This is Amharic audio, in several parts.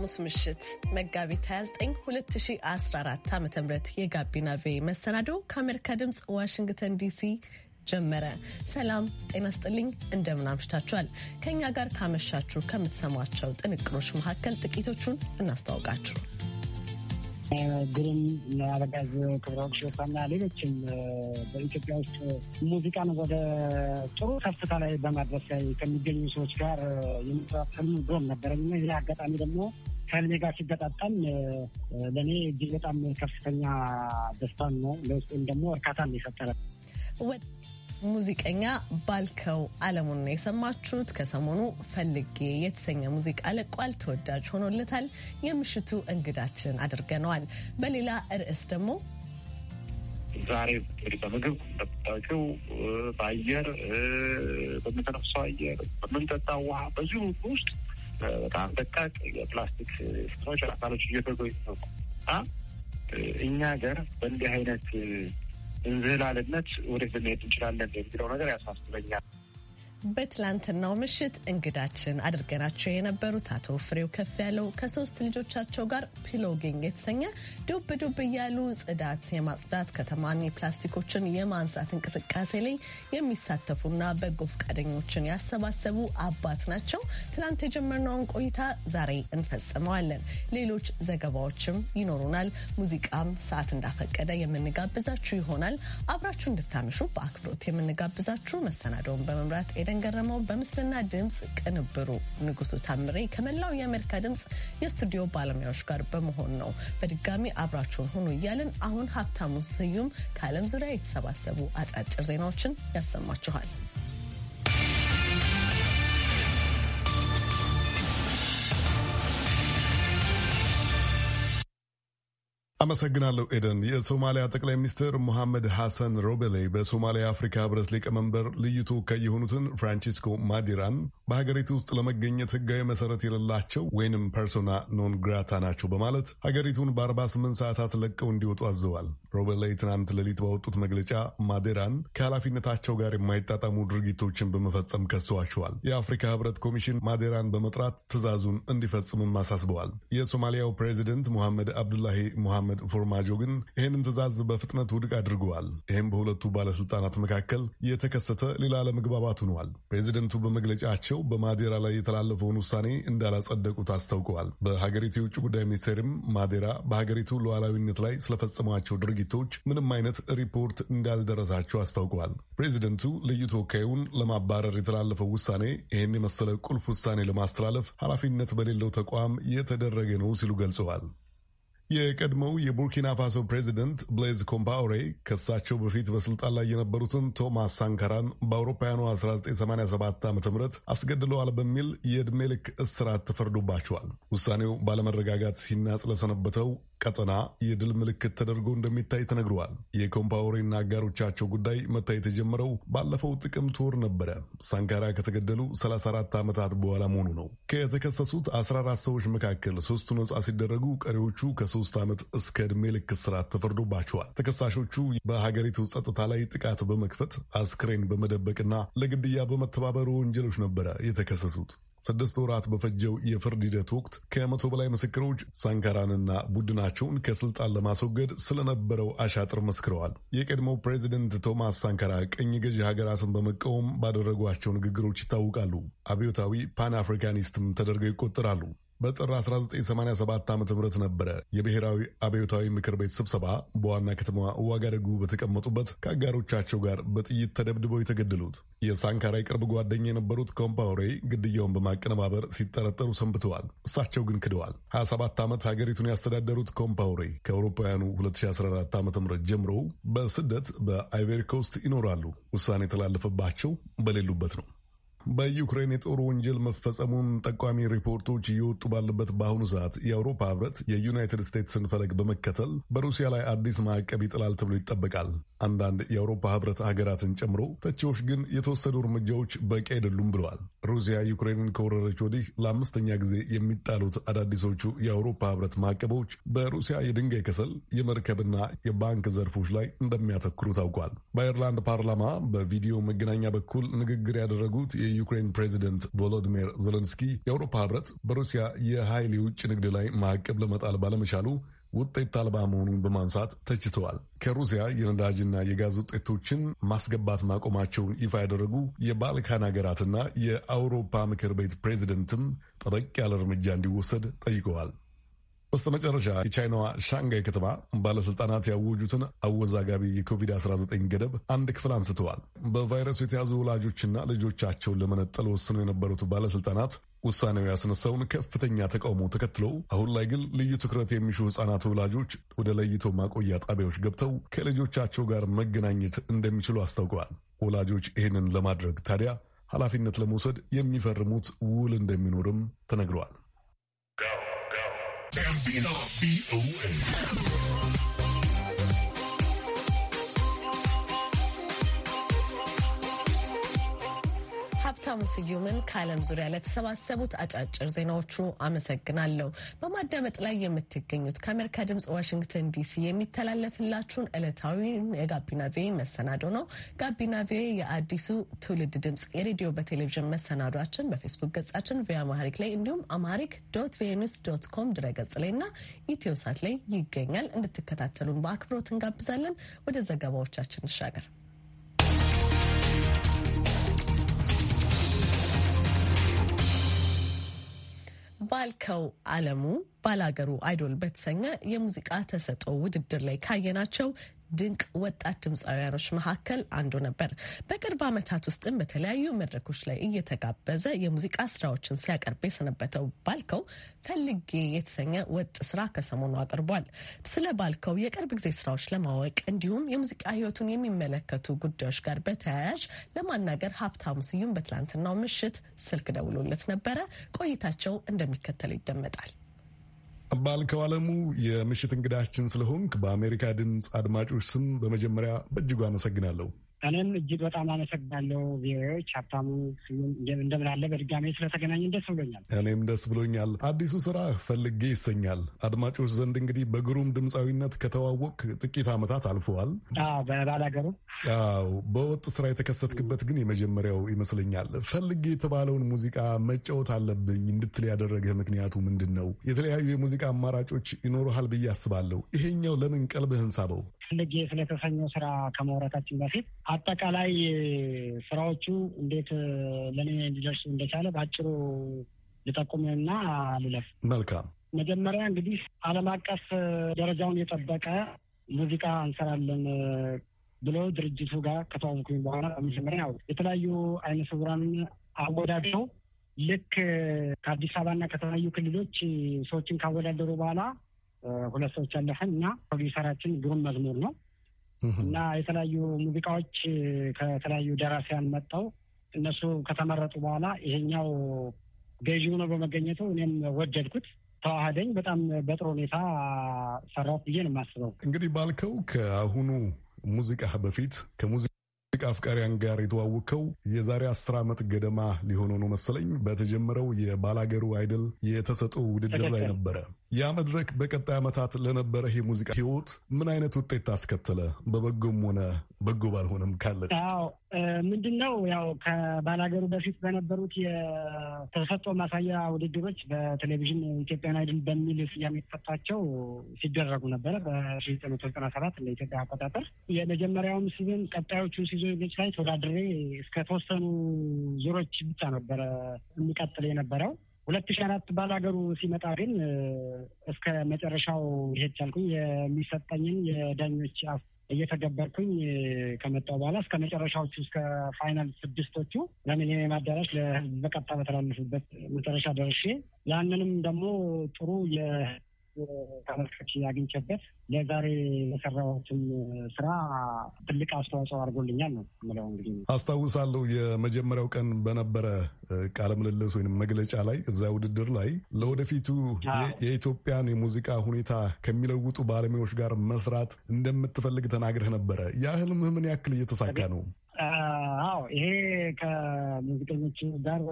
ሐሙስ ምሽት መጋቢት 29 2014 ዓ ም የጋቢና ቬ መሰናዶ ከአሜሪካ ድምፅ ዋሽንግተን ዲሲ ጀመረ። ሰላም ጤና ስጥልኝ፣ እንደምን አምሽታችኋል? ከእኛ ጋር ካመሻችሁ ከምትሰሟቸው ጥንቅሮች መካከል ጥቂቶቹን እናስታውቃችሁ። ግርም አበጋዝ ክብረወርቅ ሽፈና ሌሎችም በኢትዮጵያ ውስጥ ሙዚቃን ወደ ጥሩ ከፍታ ላይ በማድረስ ላይ ከሚገኙ ሰዎች ጋር የመስራት ህልም ድሮም ነበረኝ ይህ አጋጣሚ ደግሞ ከህልሜ ጋር ሲገጣጠም ለእኔ እጅግ በጣም ከፍተኛ ደስታን ነው ለውስጤም ደግሞ እርካታን የፈጠረ ሙዚቀኛ ባልከው አለሙን ነው የሰማችሁት። ከሰሞኑ ፈልጌ የተሰኘ ሙዚቃ ለቋል፣ ተወዳጅ ሆኖለታል። የምሽቱ እንግዳችን አድርገነዋል። በሌላ ርዕስ ደግሞ ዛሬ እንግዲህ በምግብ በምታውቂው፣ በአየር በምንተነፍሰው አየር፣ በምንጠጣው ውሃ፣ በዚሁ ውስጥ በጣም ደቃቅ የፕላስቲክ ስኖች አካሎች እየተጎ ነው እኛ ሀገር በእንዲህ አይነት እንዝላልነት ወዴት ልንሄድ እንችላለን የሚለው ነገር ያሳስበኛል። በትላንትናው ምሽት እንግዳችን አድርገናቸው የነበሩት አቶ ፍሬው ከፍ ያለው ከሶስት ልጆቻቸው ጋር ፒሎጊንግ የተሰኘ ዱብ ዱብ እያሉ ጽዳት የማጽዳት ከተማን የፕላስቲኮችን የማንሳት እንቅስቃሴ ላይ የሚሳተፉና በጎ ፈቃደኞችን ያሰባሰቡ አባት ናቸው። ትላንት የጀመርነውን ቆይታ ዛሬ እንፈጽመዋለን። ሌሎች ዘገባዎችም ይኖሩናል። ሙዚቃም ሰዓት እንዳፈቀደ የምንጋብዛችሁ ይሆናል። አብራችሁ እንድታመሹ በአክብሮት የምንጋብዛችሁ መሰናደውን በመምራት ኤደን ገረመው፣ በምስልና ድምፅ ቅንብሩ ንጉሱ ታምሬ ከመላው የአሜሪካ ድምፅ የስቱዲዮ ባለሙያዎች ጋር በመሆን ነው። በድጋሚ አብራችሁን ሁኑ እያልን አሁን ሀብታሙ ስዩም ከዓለም ዙሪያ የተሰባሰቡ አጫጭር ዜናዎችን ያሰማችኋል። አመሰግናለሁ ኤደን። የሶማሊያ ጠቅላይ ሚኒስትር ሙሐመድ ሐሰን ሮቤሌ በሶማሊያ አፍሪካ ህብረት ሊቀመንበር ልዩ ተወካይ የሆኑትን ፍራንቺስኮ ማዲራን በሀገሪቱ ውስጥ ለመገኘት ህጋዊ መሰረት የሌላቸው ወይንም ፐርሶና ኖን ግራታ ናቸው በማለት ሀገሪቱን በ48 ሰዓታት ለቀው እንዲወጡ አዘዋል። ሮቤሌ ትናንት ሌሊት ባወጡት መግለጫ ማዴራን ከኃላፊነታቸው ጋር የማይጣጣሙ ድርጊቶችን በመፈጸም ከሰዋቸዋል። የአፍሪካ ህብረት ኮሚሽን ማዴራን በመጥራት ትዕዛዙን እንዲፈጽምም አሳስበዋል። የሶማሊያው ፕሬዚደንት ሙሐመድ አብዱላሂ ሙሐመድ መሐመድ ፎርማጆ ግን ይህንን ትዕዛዝ በፍጥነት ውድቅ አድርገዋል። ይህም በሁለቱ ባለስልጣናት መካከል የተከሰተ ሌላ አለመግባባት ሆኗል። ፕሬዚደንቱ በመግለጫቸው በማዴራ ላይ የተላለፈውን ውሳኔ እንዳላጸደቁት አስታውቀዋል። በሀገሪቱ የውጭ ጉዳይ ሚኒስቴርም ማዴራ በሀገሪቱ ሉዓላዊነት ላይ ስለፈጸሟቸው ድርጊቶች ምንም አይነት ሪፖርት እንዳልደረሳቸው አስታውቀዋል። ፕሬዚደንቱ ልዩ ተወካዩን ለማባረር የተላለፈው ውሳኔ ይህን የመሰለ ቁልፍ ውሳኔ ለማስተላለፍ ኃላፊነት በሌለው ተቋም የተደረገ ነው ሲሉ ገልጸዋል። የቀድሞው የቡርኪና ፋሶ ፕሬዚደንት ብሌዝ ኮምፓውሬ ከሳቸው በፊት በስልጣን ላይ የነበሩትን ቶማስ ሳንካራን በአውሮፓውያኑ 1987 ዓ ም አስገድለዋል በሚል የዕድሜ ልክ እስራት ተፈርዶባቸዋል። ውሳኔው ባለመረጋጋት ሲናጥ ለሰነበተው ቀጠና የድል ምልክት ተደርጎ እንደሚታይ ተነግረዋል። የኮምፓውሬና አጋሮቻቸው ጉዳይ መታየት የጀመረው ባለፈው ጥቅምት ወር ነበረ። ሳንካራ ከተገደሉ 34 ዓመታት በኋላ መሆኑ ነው። ከተከሰሱት 14 ሰዎች መካከል ሶስቱ ነጻ ሲደረጉ፣ ቀሪዎቹ ከሶስት ዓመት እስከ ዕድሜ ልክ ስርዓት ተፈርዶባቸዋል። ተከሳሾቹ በሀገሪቱ ጸጥታ ላይ ጥቃት በመክፈት አስክሬን በመደበቅና ለግድያ በመተባበሩ ወንጀሎች ነበረ የተከሰሱት። ስድስት ወራት በፈጀው የፍርድ ሂደት ወቅት ከመቶ በላይ ምስክሮች ሳንካራንና ቡድናቸውን ከስልጣን ለማስወገድ ስለነበረው አሻጥር መስክረዋል። የቀድሞው ፕሬዚደንት ቶማስ ሳንካራ ቅኝ ገዢ ሀገራትን በመቃወም ባደረጓቸው ንግግሮች ይታወቃሉ። አብዮታዊ ፓን አፍሪካኒስትም ተደርገው ይቆጠራሉ። በጥር 1987 ዓ ም ነበረ የብሔራዊ አብዮታዊ ምክር ቤት ስብሰባ በዋና ከተማዋ ዋጋደጉ በተቀመጡበት ከአጋሮቻቸው ጋር በጥይት ተደብድበው የተገደሉት። የሳንካራ የቅርብ ጓደኛ የነበሩት ኮምፓውሬ ግድያውን በማቀነባበር ሲጠረጠሩ ሰንብተዋል። እሳቸው ግን ክደዋል። 27 ዓመት ሀገሪቱን ያስተዳደሩት ኮምፓውሬ ከአውሮፓውያኑ 2014 ዓ ም ጀምሮ በስደት በአይቬሪኮስት ይኖራሉ። ውሳኔ የተላለፈባቸው በሌሉበት ነው። በዩክሬን የጦር ወንጀል መፈጸሙን ጠቋሚ ሪፖርቶች እየወጡ ባለበት በአሁኑ ሰዓት የአውሮፓ ህብረት የዩናይትድ ስቴትስን ፈለግ በመከተል በሩሲያ ላይ አዲስ ማዕቀብ ይጥላል ተብሎ ይጠበቃል። አንዳንድ የአውሮፓ ህብረት ሀገራትን ጨምሮ ተቺዎች ግን የተወሰዱ እርምጃዎች በቂ አይደሉም ብለዋል። ሩሲያ ዩክሬንን ከወረረች ወዲህ ለአምስተኛ ጊዜ የሚጣሉት አዳዲሶቹ የአውሮፓ ህብረት ማዕቀቦች በሩሲያ የድንጋይ ከሰል፣ የመርከብና የባንክ ዘርፎች ላይ እንደሚያተኩሩ ታውቋል። በአይርላንድ ፓርላማ በቪዲዮ መገናኛ በኩል ንግግር ያደረጉት የዩክሬን ፕሬዚደንት ቮሎዲሚር ዘለንስኪ የአውሮፓ ህብረት በሩሲያ የኃይል የውጭ ንግድ ላይ ማዕቀብ ለመጣል ባለመቻሉ ውጤት አልባ መሆኑን በማንሳት ተችተዋል። ከሩሲያ የነዳጅና የጋዝ ውጤቶችን ማስገባት ማቆማቸውን ይፋ ያደረጉ የባልካን ሀገራትና የአውሮፓ ምክር ቤት ፕሬዚደንትም ጠበቅ ያለ እርምጃ እንዲወሰድ ጠይቀዋል። በስተ መጨረሻ የቻይናዋ ሻንጋይ ከተማ ባለስልጣናት ያወጁትን አወዛጋቢ የኮቪድ-19 ገደብ አንድ ክፍል አንስተዋል። በቫይረሱ የተያዙ ወላጆችና ልጆቻቸውን ለመነጠል ወስነው የነበሩት ባለስልጣናት ውሳኔው ያስነሳውን ከፍተኛ ተቃውሞ ተከትሎ አሁን ላይ ግን ልዩ ትኩረት የሚሹ ህጻናት ወላጆች ወደ ለይቶ ማቆያ ጣቢያዎች ገብተው ከልጆቻቸው ጋር መገናኘት እንደሚችሉ አስታውቀዋል። ወላጆች ይህንን ለማድረግ ታዲያ ኃላፊነት ለመውሰድ የሚፈርሙት ውል እንደሚኖርም ተነግረዋል። Gambino, B-O-A. ሀብታሙ ስዩምን ከዓለም ዙሪያ ለተሰባሰቡት አጫጭር ዜናዎቹ አመሰግናለሁ። በማዳመጥ ላይ የምትገኙት ከአሜሪካ ድምጽ ዋሽንግተን ዲሲ የሚተላለፍላችሁን ዕለታዊን የጋቢና ቪ መሰናዶ ነው። ጋቢና ቪ የአዲሱ ትውልድ ድምጽ የሬዲዮ በቴሌቪዥን መሰናዷችን በፌስቡክ ገጻችን ቪ አማሪክ ላይ እንዲሁም አማሪክ ዶት ቪኦኤ ኒውስ ዶት ኮም ድረገጽ ላይ ና ኢትዮሳት ላይ ይገኛል። እንድትከታተሉን በአክብሮት እንጋብዛለን። ወደ ዘገባዎቻችን እንሻገር። ባልከው አለሙ ባላገሩ አይዶል በተሰኘ የሙዚቃ ተሰጥኦ ውድድር ላይ ካየናቸው ድንቅ ወጣት ድምፃውያኖች መካከል አንዱ ነበር። በቅርብ ዓመታት ውስጥም በተለያዩ መድረኮች ላይ እየተጋበዘ የሙዚቃ ስራዎችን ሲያቀርብ የሰነበተው ባልከው ፈልጌ የተሰኘ ወጥ ስራ ከሰሞኑ አቅርቧል። ስለ ባልከው የቅርብ ጊዜ ስራዎች ለማወቅ እንዲሁም የሙዚቃ ህይወቱን የሚመለከቱ ጉዳዮች ጋር በተያያዥ ለማናገር ሀብታሙ ስዩም በትላንትናው ምሽት ስልክ ደውሎለት ነበረ። ቆይታቸው እንደሚከተል ይደመጣል። ባልከው ዓለሙ የምሽት እንግዳችን ስለሆንክ በአሜሪካ ድምፅ አድማጮች ስም በመጀመሪያ በእጅጉ አመሰግናለሁ። እኔም እጅግ በጣም አመሰግናለሁ። ቪኦኤዎች ሀብታሙ እንደምን አለ። በድጋሚ ስለተገናኘን ደስ ብሎኛል። እኔም ደስ ብሎኛል። አዲሱ ስራ ፈልጌ ይሰኛል። አድማጮች ዘንድ እንግዲህ በግሩም ድምፃዊነት ከተዋወቅ ጥቂት ዓመታት አልፈዋል። በባላገሩ አዎ፣ በወጥ ስራ የተከሰትክበት ግን የመጀመሪያው ይመስለኛል። ፈልጌ የተባለውን ሙዚቃ መጫወት አለብኝ እንድትል ያደረገህ ምክንያቱ ምንድን ነው? የተለያዩ የሙዚቃ አማራጮች ይኖረሃል ብዬ አስባለሁ። ይሄኛው ለምን ቀልብህን ሳበው? ፈልጌ ስለተሰኘው ስራ ከማውራታችን በፊት አጠቃላይ ስራዎቹ እንዴት ለእኔ እንዲደርሱ እንደቻለ በአጭሩ ልጠቁምና ልለፍ። መልካም። መጀመሪያ እንግዲህ ዓለም አቀፍ ደረጃውን የጠበቀ ሙዚቃ እንሰራለን ብሎ ድርጅቱ ጋር ከተዋወኩኝ በኋላ በመጀመሪያ ያው የተለያዩ አይነ ስውራን አወዳድረው ልክ ከአዲስ አበባና ከተለያዩ ክልሎች ሰዎችን ካወዳደሩ በኋላ ሁለት ሰዎች አለፈን እና ፕሮዲውሰራችን ግሩም መዝሙር ነው እና የተለያዩ ሙዚቃዎች ከተለያዩ ደራሲያን መጥተው እነሱ ከተመረጡ በኋላ ይሄኛው ገዢ ሆኖ በመገኘቱ እኔም ወደድኩት። ተዋህደኝ። በጣም በጥሩ ሁኔታ ሰራት ብዬ ነው የማስበው። እንግዲህ ባልከው ከአሁኑ ሙዚቃ በፊት ከሙዚቃ ሙዚቃ አፍቃሪያን ጋር የተዋወቅከው የዛሬ አስር ዓመት ገደማ ሊሆን ነው መሰለኝ በተጀመረው የባላገሩ አይደል የተሰጠው ውድድር ላይ ነበረ። ያ መድረክ በቀጣይ ዓመታት ለነበረ የሙዚቃ ህይወት ምን አይነት ውጤት አስከተለ? በበጎም ሆነ በጎ ባልሆነም ካለ ምንድን ነው? ያው ከባላገሩ በፊት በነበሩት የተሰጦ ማሳያ ውድድሮች በቴሌቪዥን ኢትዮጵያን አይድል በሚል ስያሜ የተሰጣቸው ሲደረጉ ነበረ በ1997 ለኢትዮጵያ አቆጣጠር የመጀመሪያውም ሲዝን ቀጣዮቹን ልጆች ላይ ተወዳድሬ እስከ ተወሰኑ ዙሮች ብቻ ነበረ የሚቀጥል የነበረው። ሁለት ሺ አራት ባላገሩ ሲመጣ ግን እስከ መጨረሻው ሄድ ቻልኩኝ። የሚሰጠኝን የዳኞች አፍ እየተገበርኩኝ ከመጣው በኋላ እስከ መጨረሻዎቹ እስከ ፋይናል ስድስቶቹ ለሚሊኒየም አዳራሽ ለህዝብ በቀጥታ በተላለፉበት መጨረሻ ደርሼ ያንንም ደግሞ ጥሩ ተመልካች ያግኝቸበት ለዛሬ የሰራሁትን ስራ ትልቅ አስተዋጽኦ አድርጎልኛል ነው ምለው። እንግዲህ አስታውሳለሁ የመጀመሪያው ቀን በነበረ ቃለ ምልልስ ወይም መግለጫ ላይ እዛ ውድድር ላይ ለወደፊቱ የኢትዮጵያን የሙዚቃ ሁኔታ ከሚለውጡ ባለሙያዎች ጋር መስራት እንደምትፈልግ ተናግረህ ነበረ። ያህል ምን ያክል እየተሳካ ነው? አዎ ይሄ ከሙዚቀኞች ጋር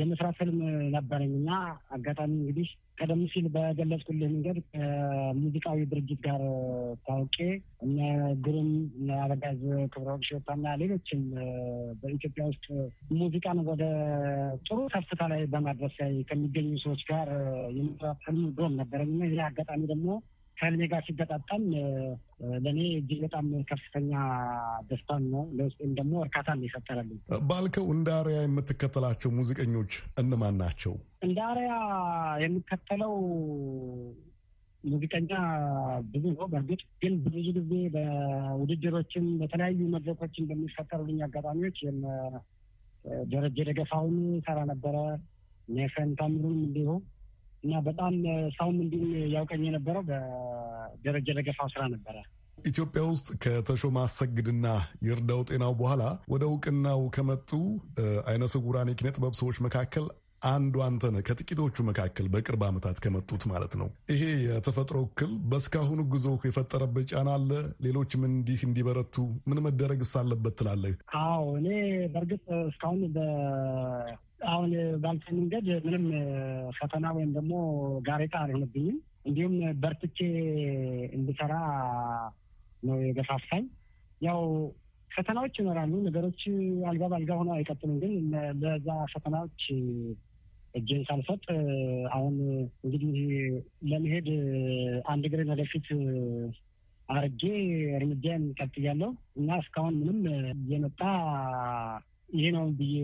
የመስራት ህልም ነበረኝ እና አጋጣሚ እንግዲህ ቀደም ሲል በገለጽኩልህ መንገድ ከሙዚቃዊ ድርጅት ጋር ታውቄ እነ ግሩም፣ አበጋዝ አበጋዝ ክብረወርቅ ሽበታና ሌሎችም በኢትዮጵያ ውስጥ ሙዚቃን ወደ ጥሩ ከፍታ ላይ በማድረስ ላይ ከሚገኙ ሰዎች ጋር የመስራት ህልም ድሮም ነበረኝ እና ይህ አጋጣሚ ደግሞ ከህልሜ ጋር ሲገጣጠም ለእኔ እጅግ በጣም ከፍተኛ ደስታን ነው ለውስጤም ደግሞ እርካታን የፈጠረልኝ። ባልከው እንደ አርያ የምትከተላቸው ሙዚቀኞች እነማን ናቸው? እንደ አርያ የምከተለው ሙዚቀኛ ብዙ ነው። በእርግጥ ግን ብዙ ጊዜ በውድድሮችን በተለያዩ መድረኮችን በሚፈጠሩልኝ አጋጣሚዎች ደረጀ ደገፋውን ሰራ ነበረ፣ ኔፈን ታምሩን እንዲሁም እና በጣም ሰውም እንዲሁም ያውቀኝ የነበረው በደረጀ ለገፋው ስራ ነበረ። ኢትዮጵያ ውስጥ ከተሾመ አሰግድና ይርዳው ጤናው በኋላ ወደ እውቅናው ከመጡ አይነ ስውራን የኪነ ጥበብ ሰዎች መካከል አንዱ አንተ ነህ። ከጥቂቶቹ መካከል በቅርብ ዓመታት ከመጡት ማለት ነው። ይሄ የተፈጥሮ እክል በእስካሁኑ ጉዞ የፈጠረበት ጫና አለ? ሌሎችም እንዲህ እንዲበረቱ ምን መደረግስ አለበት ትላለህ? አዎ እኔ በእርግጥ እስካሁን ባልፈኝ መንገድ ምንም ፈተና ወይም ደግሞ ጋሬጣ አልሆነብኝም። እንዲሁም በርትቼ እንድሰራ ነው የገፋፋኝ። ያው ፈተናዎች ይኖራሉ። ነገሮች አልጋ ባልጋ ሆነው አይቀጥሉም። ግን ለዛ ፈተናዎች እጄን ሳልሰጥ አሁን እንግዲህ ለመሄድ አንድ እግርን ወደፊት አርጌ እርምጃን ቀጥያለሁ እና እስካሁን ምንም የመጣ ይሄ ነው ብዬ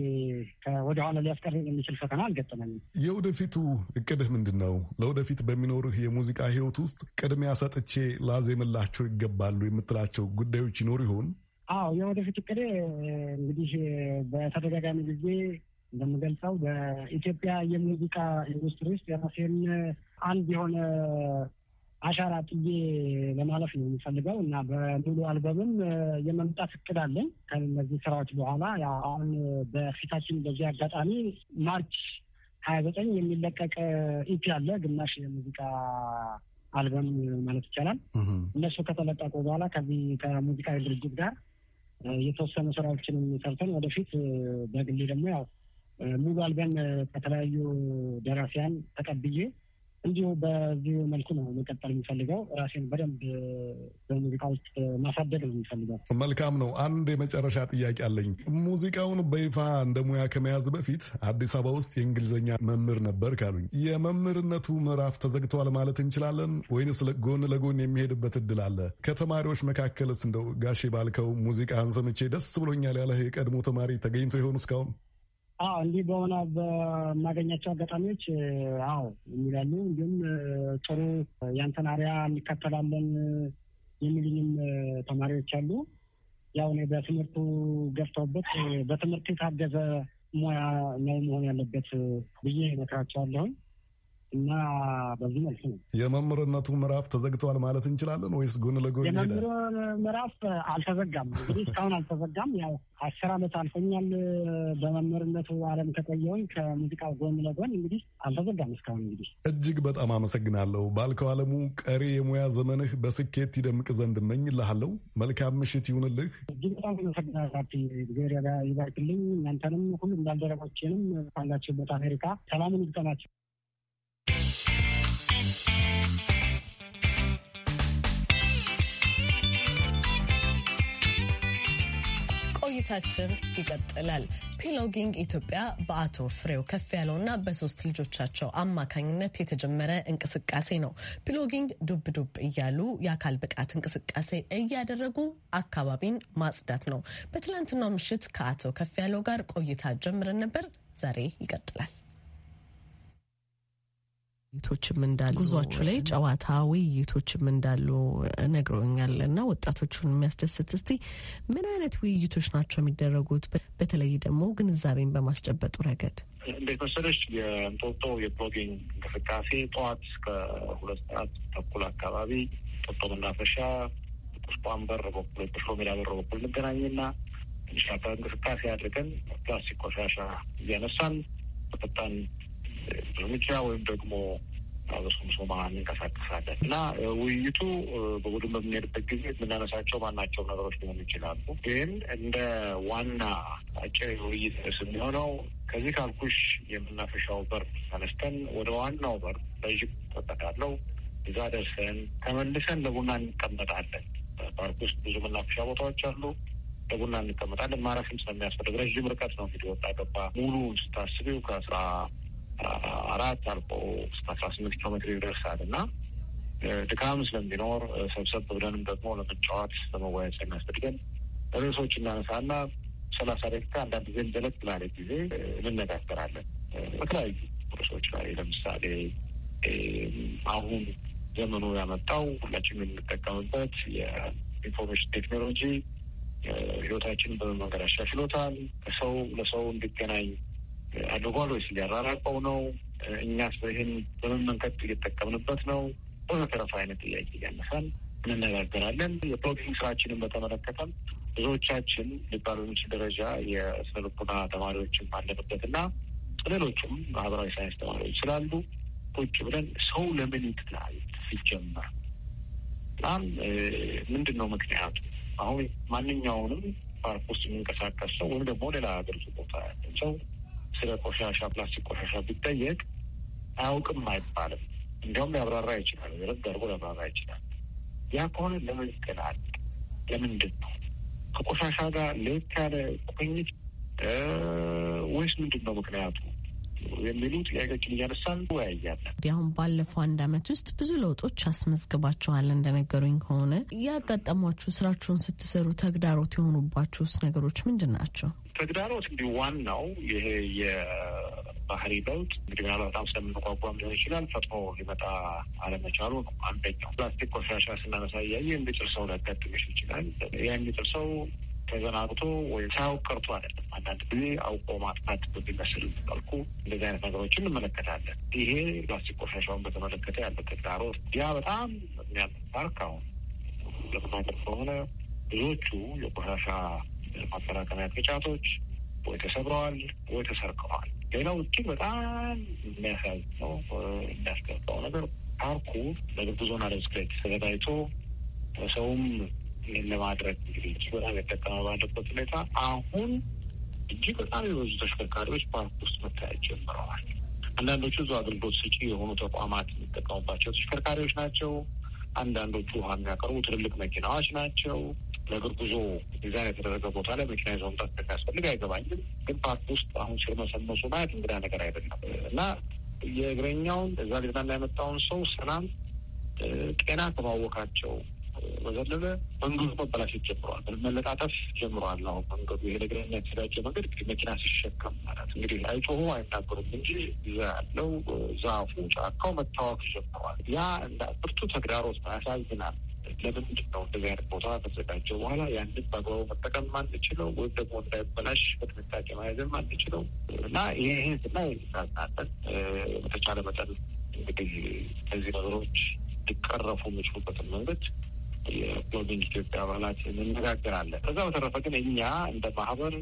ወደኋላ ሊያስቀር የሚችል ፈተና አልገጠመኝም። የወደፊቱ እቅድህ ምንድን ነው? ለወደፊት በሚኖርህ የሙዚቃ ህይወት ውስጥ ቅድሚያ ሰጥቼ ላዜምላቸው ይገባሉ የምትላቸው ጉዳዮች ይኖሩ ይሆን? አዎ የወደፊት እቅዴ እንግዲህ በተደጋጋሚ ጊዜ እንደምገልጸው በኢትዮጵያ የሙዚቃ ኢንዱስትሪ ውስጥ የራሴን አንድ የሆነ አሻራ ጥዬ ለማለፍ ነው የሚፈልገው እና በሙሉ አልበምም የመምጣት እቅድ አለኝ ከነዚህ ስራዎች በኋላ አሁን በፊታችን በዚህ አጋጣሚ ማርች ሀያ ዘጠኝ የሚለቀቅ ኢፒ አለ ግማሽ የሙዚቃ አልበም ማለት ይቻላል። እነሱ ከተለቀቁ በኋላ ከዚህ ከሙዚቃ ድርጅት ጋር የተወሰኑ ስራዎችንም ሰርተን ወደፊት በግሌ ደግሞ ያው ሙሉ አልበም ከተለያዩ ደራሲያን ተቀብዬ እንዲሁ በዚሁ መልኩ ነው መቀጠል የሚፈልገው። ራሴን በደንብ በሙዚቃ ውስጥ ማሳደግ ነው የሚፈልገው። መልካም ነው። አንድ የመጨረሻ ጥያቄ አለኝ። ሙዚቃውን በይፋ እንደ ሙያ ከመያዝ በፊት አዲስ አበባ ውስጥ የእንግሊዝኛ መምህር ነበር ካሉኝ፣ የመምህርነቱ ምዕራፍ ተዘግተዋል ማለት እንችላለን ወይንስ ጎን ለጎን የሚሄድበት እድል አለ? ከተማሪዎች መካከልስ እንደው ጋሼ ባልከው ሙዚቃን ሰምቼ ደስ ብሎኛል ያለህ የቀድሞ ተማሪ ተገኝቶ ይሆን እስካሁን? አዎ እንዲህ በሆነ በማገኛቸው አጋጣሚዎች አዎ የሚላሉ እንዲሁም ጥሩ ያንተን አሪያ እንከተላለን የሚሉኝም ተማሪዎች አሉ። ያው እኔ በትምህርቱ ገፍተውበት በትምህርት የታገዘ ሙያ ነው መሆን ያለበት ብዬ እመክራቸዋለሁኝ። እና በዚህ መልክ ነው የመምህርነቱ ምዕራፍ ተዘግተዋል ማለት እንችላለን ወይስ ጎን ለጎን የመምህር ምዕራፍ አልተዘጋም? እንግዲህ እስካሁን አልተዘጋም። ያው አስር አመት አልፎኛል በመምህርነቱ አለም ከቆየሁኝ ከሙዚቃው ጎን ለጎን እንግዲህ አልተዘጋም እስካሁን። እንግዲህ እጅግ በጣም አመሰግናለሁ ባልከው አለሙ ቀሪ የሙያ ዘመንህ በስኬት ይደምቅ ዘንድ እመኝልሃለሁ። መልካም ምሽት ይሁንልህ። እጅግ በጣም አመሰግናለሁ። እግዚአብሔር ይባርክልኝ። እናንተንም ሁሉም ባልደረቦቼንም ባላችሁበት አሜሪካ ሰላምን ይግጠማቸው። ውይይታችን ይቀጥላል። ፒሎጊንግ ኢትዮጵያ በአቶ ፍሬው ከፍ ያለውና በሶስት ልጆቻቸው አማካኝነት የተጀመረ እንቅስቃሴ ነው። ፒሎጊንግ ዱብ ዱብ እያሉ የአካል ብቃት እንቅስቃሴ እያደረጉ አካባቢን ማጽዳት ነው። በትላንትናው ምሽት ከአቶ ከፍ ያለው ጋር ቆይታ ጀምረን ነበር። ዛሬ ይቀጥላል። ውይይቶችም እንዳሉ ጉዟችሁ ላይ ጨዋታ ውይይቶችም እንዳሉ ነግሮኛል እና ወጣቶቹን የሚያስደስት እስቲ ምን አይነት ውይይቶች ናቸው የሚደረጉት? በተለይ ደግሞ ግንዛቤን በማስጨበጡ ረገድ እንዴት መሰለሽ የእንጦጦ የፕሎጊንግ እንቅስቃሴ ጠዋት እስከ ሁለት ሰዓት ተኩል አካባቢ ጦጦ መናፈሻ ቁስቋንበር በኩል ጥሾ ሜዳ በር በኩል እንገናኝና እንቅስቃሴ አድርገን ፕላስቲክ ቆሻሻ እያነሳን በፈጣን እርምጃ ወይም ደግሞ በሶምሶማ እንንቀሳቀሳለን እና ውይይቱ በቡድን በምንሄድበት ጊዜ የምናነሳቸው ማናቸው ነገሮች ሊሆኑ ይችላሉ። ግን እንደ ዋና አጭር ውይይት የሚሆነው ከዚህ ካልኩሽ የምናፈሻው በር ተነስተን ወደ ዋናው በር በጅብ ተጠቃለው እዛ ደርሰን ተመልሰን ለቡና እንቀመጣለን። ፓርክ ውስጥ ብዙ መናፈሻ ቦታዎች አሉ። ለቡና እንቀመጣለን። ማረፍም ስለሚያስፈልግ ረዥም ርቀት ነው እንግዲህ ወጣ ገባ ሙሉ ስታስቢው ከአስራ አራት አልቆ እስከ አስራ ስምንት ኪሎ ሜትር ይደርሳል እና ድካም ስለሚኖር ሰብሰብ ብለንም ደግሞ ለመጫወት ለመወያየት ስለሚያስፈልገን ርዕሶች እናነሳና ሰላሳ ደቂቃ አንዳንድ ጊዜ ዘለቅ ላለ ጊዜ እንነጋገራለን በተለያዩ ርዕሶች ላይ ለምሳሌ አሁን ዘመኑ ያመጣው ሁላችንም የምንጠቀምበት የኢንፎርሜሽን ቴክኖሎጂ ህይወታችንን በምን መንገድ አሻሽሎታል፣ ከሰው ለሰው እንዲገናኝ አድርጓል ወይስ ሊያራራቀው ነው? እኛስ ይህን በምን መንገድ እየተጠቀምንበት ነው? በመተረፈ አይነት ጥያቄ እያነሳን እንነጋገራለን። የፕሮግራሚንግ ስራችንን በተመለከተም ብዙዎቻችን ሊባሉ የሚችል ደረጃ የስነ ልቦና ተማሪዎችም አለንበት እና ሌሎቹም ማህበራዊ ሳይንስ ተማሪዎች ስላሉ ቁጭ ብለን ሰው ለምን ይትላል ሲጀመር በጣም ምንድን ነው ምክንያቱ? አሁን ማንኛውንም ፓርክ ውስጥ የሚንቀሳቀስ ሰው ወይም ደግሞ ሌላ ሀገር ቦታ ያለን ሰው ስለ ቆሻሻ ፕላስቲክ ቆሻሻ ቢጠየቅ አያውቅም አይባልም። እንዲያውም ሊያብራራ ይችላል፣ ረግ አድርጎ ሊያብራራ ይችላል። ያ ከሆነ ለምን ይጠላል? ለምንድን ነው ከቆሻሻ ጋር ለየት ያለ ቁኝት ወይስ ምንድን ነው ምክንያቱ የሚሉ ጥያቄዎችን እያነሳን ወያያለን። አሁን ባለፈው አንድ አመት ውስጥ ብዙ ለውጦች አስመዝግባችኋል። እንደነገሩኝ ከሆነ ያጋጠሟችሁ ስራችሁን ስትሰሩ ተግዳሮት የሆኑባችሁስ ነገሮች ምንድን ናቸው? ተግዳሮት እንዲሁ ዋናው ይሄ የባህሪ ለውጥ እንግዲህ ምናልባት በጣም ስለምንቋቋም ሊሆን ይችላል ፈጥኖ ሊመጣ አለመቻሉ ነው አንደኛው። ፕላስቲክ ቆሻሻ ስናነሳ እያየ የሚጥል ሰው ሊያጋጥምሽ ይችላል። ያ የሚጥል ሰው ተዘናግቶ ወይም ሳያውቅ ቀርቶ አይደለም። አንዳንድ ጊዜ አውቆ ማጥፋት በሚመስል መልኩ እንደዚህ አይነት ነገሮችን እንመለከታለን። ይሄ ፕላስቲክ ቆሻሻውን በተመለከተ ያለ ተግዳሮት ያ በጣም የሚያምር ፓርክ አሁን ለምናገር ከሆነ ብዙዎቹ የቆሻሻ ማጠራቀሚያ ቅርጫቶች ወይ ተሰብረዋል ወይ ተሰርቀዋል። ሌላው እጅግ በጣም የሚያሳዝነው የሚያስገባው ነገር ፓርኩ በግብ ጉዞና ለብስክሌት ተዘጋጅቶ ሰውም ይህን ለማድረግ እንግዲህ በጣም የተጠቀመ ባለበት ሁኔታ አሁን እጅግ በጣም የበዙ ተሽከርካሪዎች ፓርክ ውስጥ መታየት ጀምረዋል። አንዳንዶቹ እዙ አገልግሎት ሰጪ የሆኑ ተቋማት የሚጠቀሙባቸው ተሽከርካሪዎች ናቸው። አንዳንዶቹ ውሃ የሚያቀርቡ ትልልቅ መኪናዎች ናቸው። ለእግር ጉዞ ዲዛይን የተደረገ ቦታ ላይ መኪና ይዘው መምጣት እንደሚያስፈልግ አይገባኝም። ግን ፓርክ ውስጥ አሁን ሲርመሰመሱ ማየት እንግዳ ነገር አይደለም እና የእግረኛውን እዛ ሊዝናና ያመጣውን ሰው ሰላም፣ ጤና ከማወካቸው በዘለለ መንገዱ መበላሸት ጀምረዋል። መለጣጠፍ ጀምረዋል። አሁን መንገዱ ይሄ ለእግረኛ የሚያዘጋጀ መንገድ መኪና ሲሸከም ማለት እንግዲህ አይጮሁም፣ አይናገሩም እንጂ እዛ ያለው ዛፉ፣ ጫካው መታወክ ጀምረዋል። ያ እንደ ብርቱ ተግዳሮት ያሳዝናል። ለምንድን ነው እንደዚህ አይነት ቦታ ተዘጋጀው? በኋላ ያንን በአግባቡ መጠቀም ማንችለው ወይም ደግሞ እንዳይበላሽ በጥንቃቄ መያዘን ማንችለው እና ይህ ስና የሚሳናለን በተቻለ መጠን እንግዲህ እነዚህ ነገሮች ሊቀረፉ የሚችሉበትን መንገድ የፕሎጊንግ ኢትዮጵያ አባላት እንነጋገራለን። ከዛ በተረፈ ግን እኛ እንደ ማህበር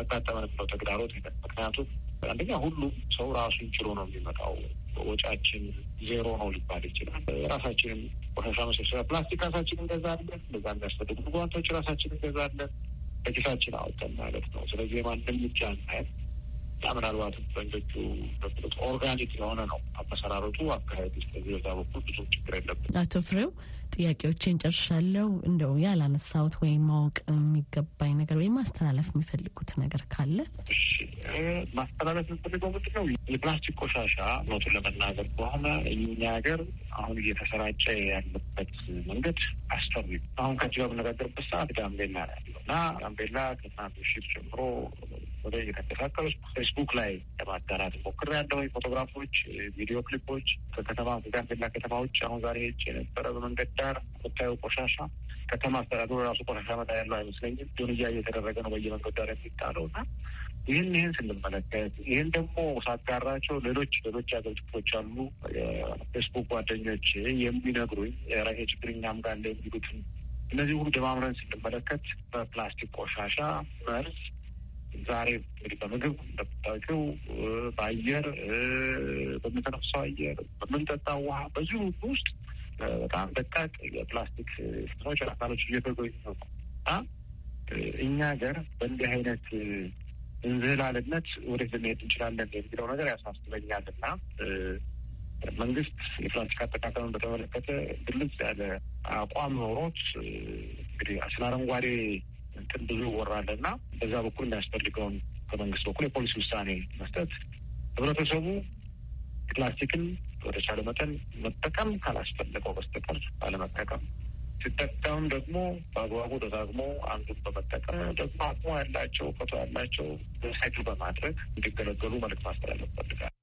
አጋጠመን ብለው ተግዳሮት ምክንያቱም አንደኛ ሁሉም ሰው ራሱን ችሎ ነው የሚመጣው ወጫችን ዜሮ ነው ሊባል ይችላል። ራሳችንም ቆሻሻ መሰብሰቢያ ፕላስቲክ ራሳችን እንገዛለን። እንደዛ የሚያስፈልጉ ጓንቶች ራሳችን እንገዛለን። በኪሳችን አወጣን ማለት ነው። ስለዚህ የማንም ብቻ እናያል ምናልባት ፈረንጆቹ በፍሎት ኦርጋኒክ የሆነ ነው አመሰራረቱ፣ አካሄድ ስ በዛ በኩል ብዙ ችግር የለብን። አቶ ፍሬው ጥያቄዎችን ጨርሻለሁ። እንደው ያላነሳሁት ወይም ማወቅ የሚገባኝ ነገር ወይም ማስተላለፍ የሚፈልጉት ነገር ካለ ማስተላለፍ የምፈልገው ምንድን ነው? የፕላስቲክ ቆሻሻ ኖቱን ለመናገር ከሆነ እኛ ሀገር አሁን እየተሰራጨ ያለበት መንገድ አስፈሪ። አሁን ከዚ በምነጋገርበት ሰዓት ጋምቤላ ያለው እና ጋምቤላ ከትናንት ምሽት ጀምሮ ወደ ከተንቀሳቀሱ ፌስቡክ ላይ ለማጋራት ያለው ፎቶግራፎች፣ ቪዲዮ ክሊፖች ከከተማ ከጋምቤላ ከተማ ውጭ አሁን ዛሬ ሄጅ የነበረ በመንገድ ዳር የምታየው ቆሻሻ ከተማ አስተዳደሩ ራሱ ቆሻሻ መጣ ያለው አይመስለኝም። ዱንያ እየተደረገ ነው በየመንገድ ዳር የሚጣለው እና ይህን ይህን ስንመለከት ይህን ደግሞ ሳጋራቸው ሌሎች ሌሎች አገልግሎቶች አሉ። የፌስቡክ ጓደኞች የሚነግሩኝ ራሄ ችግርኛም ጋር የሚሉትን እነዚህ ሁሉ ደማምረን ስንመለከት በፕላስቲክ ቆሻሻ መርዝ ዛሬ እንግዲህ በምግብ እንደምታውቂው በአየር በምንተነፍሰው አየር በምንጠጣው ውሃ በዚሁ ሁሉ ውስጥ በጣም ደቃቅ የፕላስቲክ ስቶች አካሎች እየተጎኙ ነው እና እኛ ሀገር በእንዲህ አይነት እንዝህላልነት ወደፊት መሄድ እንችላለን የሚለው ነገር ያሳስበኛል እና መንግስት የፕላስቲክ አጠቃቀምን በተመለከተ ግልጽ ያለ አቋም ኖሮት እንግዲህ ስለ አረንጓዴ እንትን ብዙ ይወራል እና በዛ በኩል የሚያስፈልገውን ከመንግስት በኩል የፖሊሲ ውሳኔ መስጠት፣ ህብረተሰቡ ፕላስቲክን ወደቻለ መጠን መጠቀም ካላስፈለገው በስተቀር ባለመጠቀም ሲጠቀም ደግሞ በአግባቡ ደጋግሞ አንዱን በመጠቀም ደግሞ አቅሞ ያላቸው እውቀቱ ያላቸው ሳይክል በማድረግ እንዲገለገሉ መልዕክት ማስተላለፍ ይፈልጋል።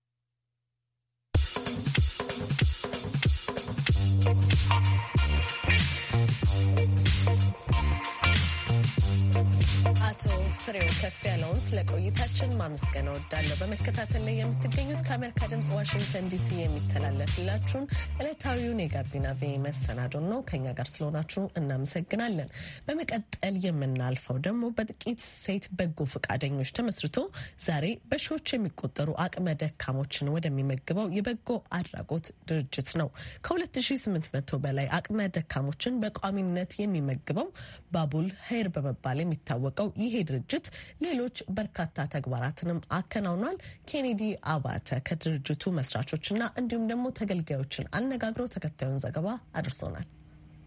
ፍሬው ከፍ ያለውን ስለ ቆይታችን ማመስገን እወዳለሁ። በመከታተል ላይ የምትገኙት ከአሜሪካ ድምጽ ዋሽንግተን ዲሲ የሚተላለፍላችሁን ዕለታዊውን የጋቢና ቬ መሰናዶን ነው። ከኛ ጋር ስለሆናችሁ እናመሰግናለን። በመቀጠል የምናልፈው ደግሞ በጥቂት ሴት በጎ ፈቃደኞች ተመስርቶ ዛሬ በሺዎች የሚቆጠሩ አቅመ ደካሞችን ወደሚመግበው የበጎ አድራጎት ድርጅት ነው። ከ2800 በላይ አቅመ ደካሞችን በቋሚነት የሚመግበው ባቡል ሄር በመባል የሚታወቀው ይሄ ድርጅት በማመቻቸት ሌሎች በርካታ ተግባራትንም አከናውኗል። ኬኔዲ አባተ ከድርጅቱ መስራቾችና እንዲሁም ደግሞ ተገልጋዮችን አነጋግረው ተከታዩን ዘገባ አድርሶናል።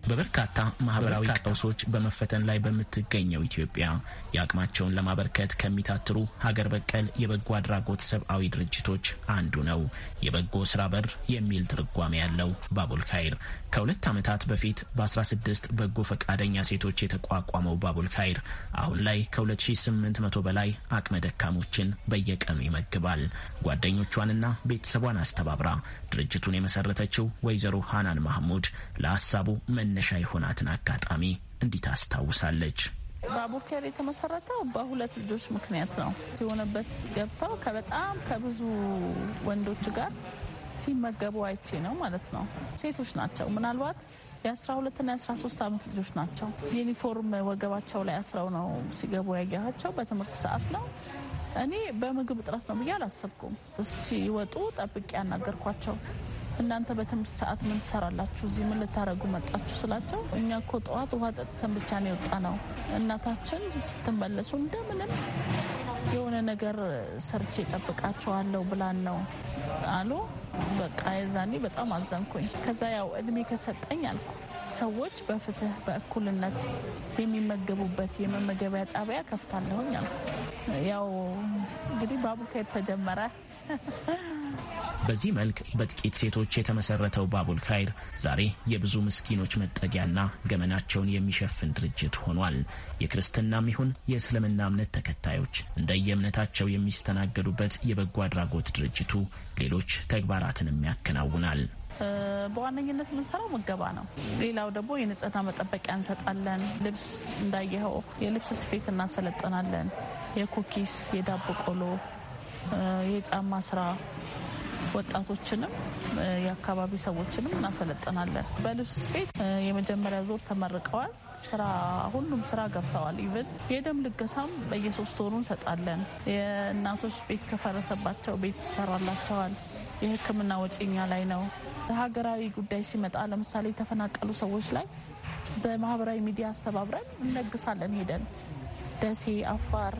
በበርካታ ማህበራዊ ቀውሶች በመፈተን ላይ በምትገኘው ኢትዮጵያ የአቅማቸውን ለማበርከት ከሚታትሩ ሀገር በቀል የበጎ አድራጎት ሰብአዊ ድርጅቶች አንዱ ነው። የበጎ ስራ በር የሚል ትርጓሜ ያለው ባቡል ከሁለት ዓመታት በፊት በ16 በጎ ፈቃደኛ ሴቶች የተቋቋመው ባቡል ካይር አሁን ላይ ከ2800 በላይ አቅመ ደካሞችን በየቀኑ ይመግባል። ጓደኞቿንና ቤተሰቧን አስተባብራ ድርጅቱን የመሰረተችው ወይዘሮ ሃናን ማህሙድ ለሀሳቡ መ መነሻ የሆናትን አጋጣሚ እንዲት አስታውሳለች ባቡር ኬር የተመሰረተው በሁለት ልጆች ምክንያት ነው። የሆነበት ገብተው ከበጣም ከብዙ ወንዶች ጋር ሲመገቡ አይቼ ነው ማለት ነው። ሴቶች ናቸው ምናልባት የ12 ና የ13 ዓመት ልጆች ናቸው። ዩኒፎርም ወገባቸው ላይ አስረው ነው ሲገቡ ያየኋቸው። በትምህርት ሰዓት ነው። እኔ በምግብ እጥረት ነው ብዬ አላሰብኩም። ሲወጡ ጠብቄ ያናገርኳቸው እናንተ በትምህርት ሰዓት ምን ትሰራላችሁ? እዚህ ምን ልታደረጉ መጣችሁ? ስላቸው እኛ እኮ ጠዋት ውሃ ጠጥተን ብቻ ነው የወጣ ነው። እናታችን ስትመለሱ እንደምንም የሆነ ነገር ሰርቼ ጠብቃቸዋለሁ ብላን ነው አሉ። በቃ የዛኔ በጣም አዘንኩኝ። ከዛ ያው እድሜ ከሰጠኝ አልኩ ሰዎች በፍትህ በእኩልነት የሚመገቡበት የመመገቢያ ጣቢያ ከፍታለሁኝ አልኩ። ያው እንግዲህ ባቡካ የተጀመረ በዚህ መልክ በጥቂት ሴቶች የተመሰረተው ባቡል ካይር ዛሬ የብዙ ምስኪኖች መጠጊያና ገመናቸውን የሚሸፍን ድርጅት ሆኗል። የክርስትናም ይሁን የእስልምና እምነት ተከታዮች እንደየእምነታቸው የሚስተናገዱበት የበጎ አድራጎት ድርጅቱ ሌሎች ተግባራትንም ያከናውናል። በዋነኝነት የምንሰራው ምገባ ነው። ሌላው ደግሞ የንጽህና መጠበቂያ እንሰጣለን። ልብስ እንዳየኸው የልብስ ስፌት እናሰለጠናለን። የኩኪስ፣ የዳቦ ቆሎ፣ የጫማ ስራ ወጣቶችንም የአካባቢ ሰዎችንም እናሰለጠናለን። በልብስ ስፌት የመጀመሪያ ዙር ተመርቀዋል። ስራ ሁሉም ስራ ገብተዋል። ኢቨን የደም ልገሳም በየሶስት ወሩ እንሰጣለን። የእናቶች ቤት ከፈረሰባቸው ቤት ይሰራላቸዋል። የሕክምና ወጪኛ ላይ ነው። ሀገራዊ ጉዳይ ሲመጣ ለምሳሌ የተፈናቀሉ ሰዎች ላይ በማህበራዊ ሚዲያ አስተባብረን እንለግሳለን። ሄደን ደሴ፣ አፋር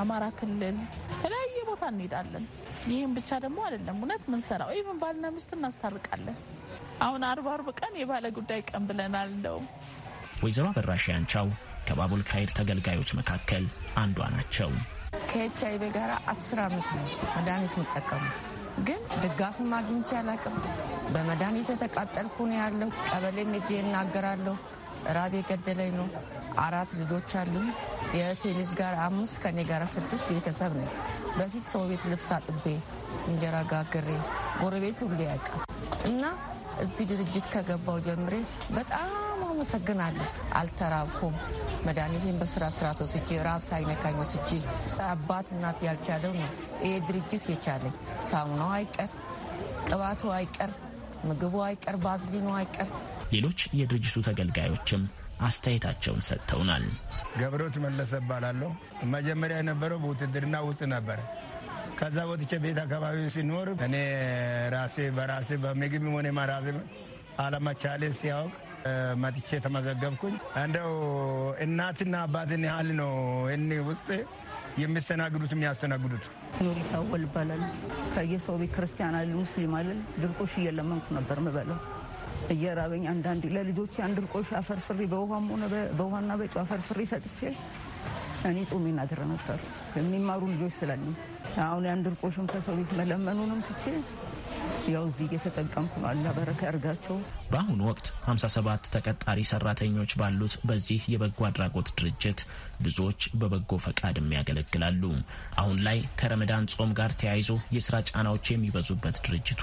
አማራ ክልል የተለያየ ቦታ እንሄዳለን። ይህም ብቻ ደግሞ አይደለም እውነት ምንሰራው ኢቭን ባልና ሚስት እናስታርቃለን። አሁን አርባ አርብ ቀን የባለ ጉዳይ ቀን ብለናል ነው። ወይዘሮ አበራሽ ያንቻው ከባቡል ካይድ ተገልጋዮች መካከል አንዷ ናቸው። ከኤች ጋር አስር አመት ነው መድኃኒት የሚጠቀሙ ግን ድጋፍም አግኝቼ አላቅም። በመድኃኒት የተቃጠልኩ ነው ያለው። ቀበሌም እናገራለሁ ራብ የገደለኝ ነው። አራት ልጆች አሉ። የእቴ ልጅ ጋር አምስት፣ ከኔ ጋር ስድስት ቤተሰብ ነው። በፊት ሰው ቤት ልብስ አጥቤ እንጀራ ጋግሬ ጎረቤት ሁሉ ያውቃል እና እዚህ ድርጅት ከገባው ጀምሬ በጣም አመሰግናለሁ። አልተራብኩም። መድኃኒቴን በስራ ስርዓት ወስጄ ራብ ሳይነካኝ ወስጄ አባት እናት ያልቻለው ነው ይሄ ድርጅት የቻለኝ። ሳሙናው አይቀር፣ ቅባቱ አይቀር፣ ምግቡ አይቀር፣ ባዝሊኑ አይቀር ሌሎች የድርጅቱ ተገልጋዮችም አስተያየታቸውን ሰጥተውናል። ገብሮት መለሰ እባላለሁ። መጀመሪያ የነበረው በውትድርና ውስጥ ነበረ። ከዛ ወጥቼ ቤት አካባቢ ሲኖር እኔ ራሴ በራሴ በምግብ ሆኔ ማራዝ አለመቻሌ ሲያውቅ መጥቼ ተመዘገብኩኝ። እንደው እናትና አባትን ያህል ነው እኔ ውስጥ የሚስተናግዱት የሚያስተናግዱት። ኑሪት አወል ይባላል። ከየሰው ቤት ክርስቲያን አለ፣ ሙስሊም አለ። ድርቆሽ እየለመንኩ ነበር ምበለው እየራበኝ አንዳንድ ለልጆች አንድ እርቆሽ አፈርፍሬ በውሃም ሆነ በውሃና በጩ አፈርፍሬ ሰጥቼ እኔ ጾሜ እናድረ ነበር የሚማሩ ልጆች ስለኝ አሁን የአንድ ርቆሽን ከሰው ቤት መለመኑንም ትቼ ያው እዚህ እየተጠቀምኩ ነው። አላ በረከ እርጋቸው። በአሁኑ ወቅት 57 ተቀጣሪ ሰራተኞች ባሉት በዚህ የበጎ አድራጎት ድርጅት ብዙዎች በበጎ ፈቃድም ያገለግላሉ። አሁን ላይ ከረመዳን ጾም ጋር ተያይዞ የስራ ጫናዎች የሚበዙበት ድርጅቱ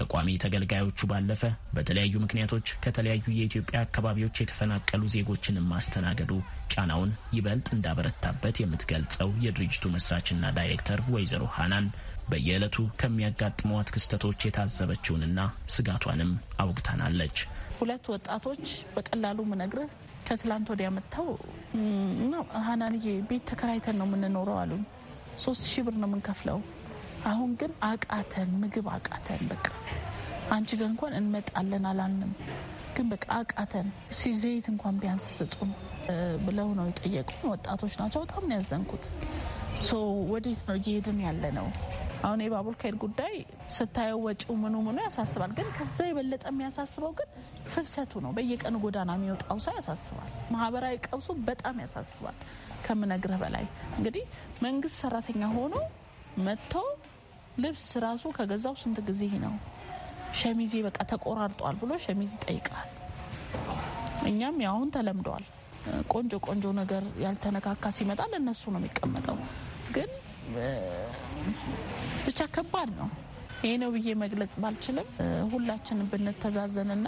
ከቋሚ ተገልጋዮቹ ባለፈ በተለያዩ ምክንያቶች ከተለያዩ የኢትዮጵያ አካባቢዎች የተፈናቀሉ ዜጎችን ማስተናገዱ ጫናውን ይበልጥ እንዳበረታበት የምትገልጸው የድርጅቱ መስራችና ዳይሬክተር ወይዘሮ ሃናን በየዕለቱ ከሚያጋጥመዋት ክስተቶች የታዘበችውንና ስጋቷንም አውግታናለች። ሁለት ወጣቶች በቀላሉ ምነግርህ ከትላንት ወዲያ መጥተው ሀናንዬ ቤት ተከራይተን ነው የምንኖረው አሉኝ። ሶስት ሺህ ብር ነው የምንከፍለው። አሁን ግን አቃተን፣ ምግብ አቃተን። በቃ አንቺ ጋር እንኳን እንመጣለን አላልንም፣ ግን በቃ አቃተን። ሲዘይት እንኳን ቢያንስ ስጡን ብለው ነው የጠየቁን። ወጣቶች ናቸው። በጣም ነው ያዘንኩት። ሶ ወዴት ነው እየሄድን ያለ ነው? አሁን የባቡር ከሄድ ጉዳይ ስታየው ወጪው ምኑ ምኑ ያሳስባል። ግን ከዛ የበለጠ የሚያሳስበው ግን ፍልሰቱ ነው። በየቀኑ ጎዳና የሚወጣው ሰው ያሳስባል። ማህበራዊ ቀውሱ በጣም ያሳስባል ከምነግርህ በላይ። እንግዲህ መንግስት ሰራተኛ ሆኖ መጥቶ ልብስ ራሱ ከገዛው ስንት ጊዜ ነው ሸሚዜ በቃ ተቆራርጧል ብሎ ሸሚዝ ይጠይቃል። እኛም ያሁን ተለምደዋል። ቆንጆ ቆንጆ ነገር ያልተነካካ ሲመጣ ለእነሱ ነው የሚቀመጠው። ግን ብቻ ከባድ ነው። ይሄ ነው ብዬ መግለጽ ባልችልም ሁላችንም ብንተዛዘንና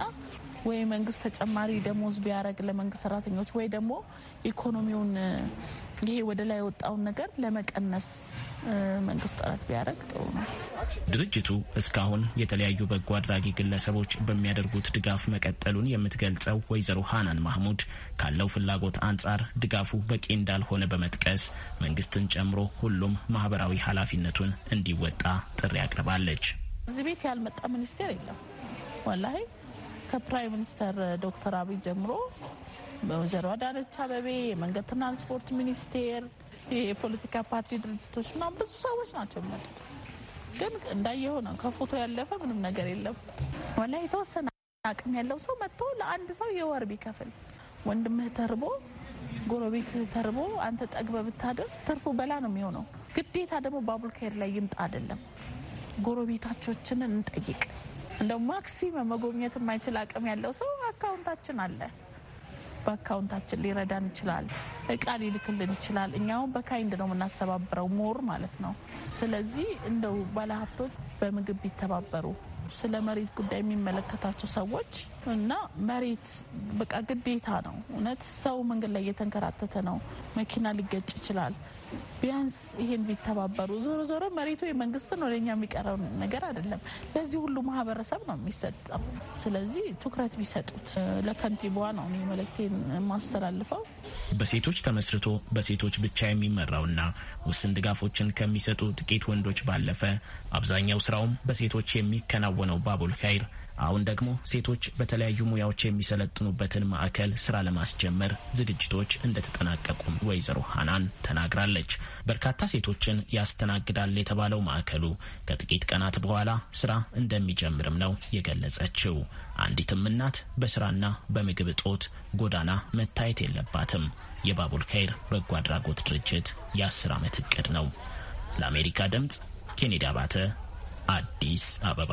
ወይ መንግስት ተጨማሪ ደሞዝ ቢያደረግ ለመንግስት ሰራተኞች ወይ ደግሞ ኢኮኖሚውን ይሄ ወደ ላይ የወጣውን ነገር ለመቀነስ መንግስት ጥረት ቢያደረግ ጥሩ ነው። ድርጅቱ እስካሁን የተለያዩ በጎ አድራጊ ግለሰቦች በሚያደርጉት ድጋፍ መቀጠሉን የምትገልጸው ወይዘሮ ሃናን ማህሙድ ካለው ፍላጎት አንጻር ድጋፉ በቂ እንዳልሆነ በመጥቀስ መንግስትን ጨምሮ ሁሉም ማህበራዊ ኃላፊነቱን እንዲወጣ ጥሪ አቅርባለች። እዚህ ቤት ያልመጣ ሚኒስቴር የለም ወላሂ ከፕራይም ሚኒስተር ዶክተር አብይ ጀምሮ በወይዘሮ አዳነች አበቤ የመንገድ ትራንስፖርት ሚኒስቴር የፖለቲካ ፓርቲ ድርጅቶች ምናምን ብዙ ሰዎች ናቸው የሚመጡ። ግን እንዳየው ነው። ከፎቶ ያለፈ ምንም ነገር የለም። ወላ የተወሰነ አቅም ያለው ሰው መጥቶ ለአንድ ሰው የወር ቢከፍል ወንድምህ ተርቦ፣ ጎረቤት ተርቦ፣ አንተ ጠግበ ብታደር ትርፉ በላ ነው የሚሆነው። ግዴታ ደግሞ ባቡል ከሄድ ላይ ይምጣ አይደለም። ጎረቤታቾችንን እንጠይቅ እንደው ማክሲመ መጎብኘት የማይችል አቅም ያለው ሰው አካውንታችን አለ። በአካውንታችን ሊረዳን ይችላል። እቃ ሊልክልን ይችላል። እኛውን በካይንድ ነው የምናስተባብረው ሞር ማለት ነው። ስለዚህ እንደው ባለሀብቶች በምግብ ቢተባበሩ፣ ስለ መሬት ጉዳይ የሚመለከታቸው ሰዎች እና መሬት በቃ ግዴታ ነው። እውነት ሰው መንገድ ላይ እየተንከራተተ ነው፣ መኪና ሊገጭ ይችላል። ቢያንስ ይሄን ቢተባበሩ። ዞሮ ዞሮ መሬቱ የመንግስት ነው፣ ለእኛ የሚቀረው ነገር አይደለም። ለዚህ ሁሉ ማህበረሰብ ነው የሚሰጠው። ስለዚህ ትኩረት ቢሰጡት። ለከንቲባዋ ነው እኔ መልእክቴን የማስተላልፈው። በሴቶች ተመስርቶ በሴቶች ብቻ የሚመራውና ውስን ድጋፎችን ከሚሰጡ ጥቂት ወንዶች ባለፈ አብዛኛው ስራውም በሴቶች የሚከናወነው ባቡል ኸይር አሁን ደግሞ ሴቶች በተለያዩ ሙያዎች የሚሰለጥኑበትን ማዕከል ስራ ለማስጀመር ዝግጅቶች እንደተጠናቀቁም ወይዘሮ ሀናን ተናግራለች። በርካታ ሴቶችን ያስተናግዳል የተባለው ማዕከሉ ከጥቂት ቀናት በኋላ ስራ እንደሚጀምርም ነው የገለጸችው። አንዲትም እናት በስራና በምግብ እጦት ጎዳና መታየት የለባትም። የባቡል ከይር በጎ አድራጎት ድርጅት የአስር ዓመት እቅድ ነው። ለአሜሪካ ድምፅ ኬኔዲ አባተ አዲስ አበባ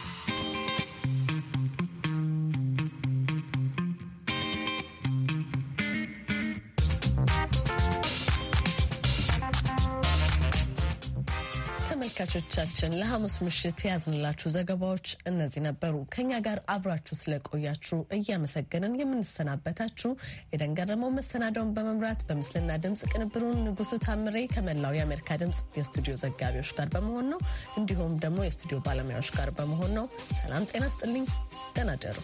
ተመልካቾቻችን ለሐሙስ ምሽት የያዝንላችሁ ዘገባዎች እነዚህ ነበሩ። ከኛ ጋር አብራችሁ ስለቆያችሁ እያመሰገንን የምንሰናበታችሁ የደንገረመው መሰናዳውን በመምራት በምስልና ድምፅ ቅንብሩን ንጉሱ ታምሬ ከመላው የአሜሪካ ድምፅ የስቱዲዮ ዘጋቢዎች ጋር በመሆን ነው። እንዲሁም ደግሞ የስቱዲዮ ባለሙያዎች ጋር በመሆን ነው። ሰላም ጤና ስጥልኝ። ደህና ደሩ።